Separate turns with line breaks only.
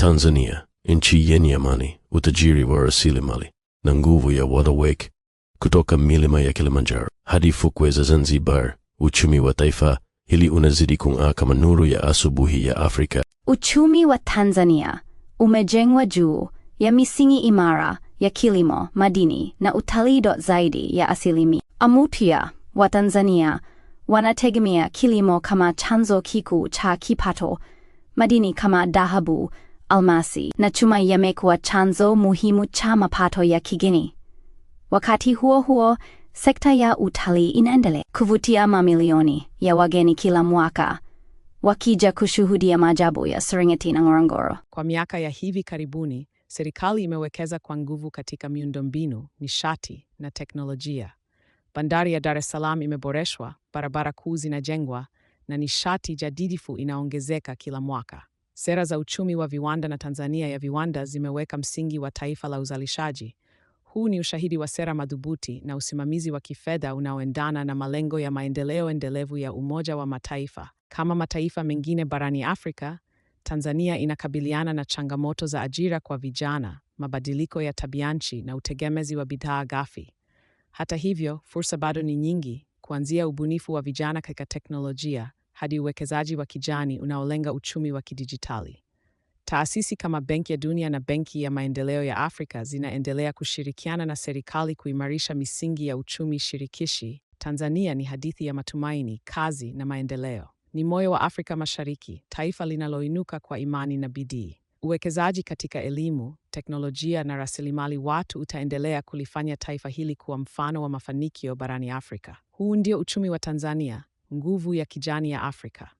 Tanzania, nchi yenye amani, utajiri wa rasilimali na nguvu ya Wadawake, kutoka milima ya Kilimanjaro hadi fukwe za Zanzibar, uchumi wa taifa hili unazidi kung'aa kama nuru ya asubuhi ya Afrika.
Uchumi wa Tanzania umejengwa juu ya misingi imara ya kilimo, madini na utalii zaidi ya asilimia amutia wa Tanzania wanategemea kilimo kama chanzo kikuu cha kipato, madini kama dhahabu almasi na chuma yamekuwa chanzo muhimu cha mapato ya kigeni. Wakati huo huo, sekta ya utalii inaendelea kuvutia mamilioni ya wageni kila mwaka wakija kushuhudia maajabu ya Serengeti na Ngorongoro.
Kwa miaka ya hivi karibuni, serikali imewekeza kwa nguvu katika miundombinu, nishati na teknolojia. Bandari ya Dar es Salaam imeboreshwa, barabara kuu zinajengwa na nishati jadidifu inaongezeka kila mwaka. Sera za uchumi wa viwanda na Tanzania ya viwanda zimeweka msingi wa taifa la uzalishaji. Huu ni ushahidi wa sera madhubuti na usimamizi wa kifedha unaoendana na malengo ya maendeleo endelevu ya Umoja wa Mataifa. Kama mataifa mengine barani Afrika, Tanzania inakabiliana na changamoto za ajira kwa vijana, mabadiliko ya tabianchi na utegemezi wa bidhaa ghafi. Hata hivyo, fursa bado ni nyingi, kuanzia ubunifu wa vijana katika teknolojia hadi uwekezaji wa kijani unaolenga uchumi wa kidijitali. Taasisi kama Benki ya Dunia na Benki ya Maendeleo ya Afrika zinaendelea kushirikiana na serikali kuimarisha misingi ya uchumi shirikishi. Tanzania ni hadithi ya matumaini, kazi na maendeleo. Ni moyo wa Afrika Mashariki, taifa linaloinuka kwa imani na bidii. Uwekezaji katika elimu, teknolojia na rasilimali watu utaendelea kulifanya taifa hili kuwa mfano wa mafanikio barani Afrika. Huu ndio uchumi wa Tanzania, Nguvu ya Kijani ya Afrika.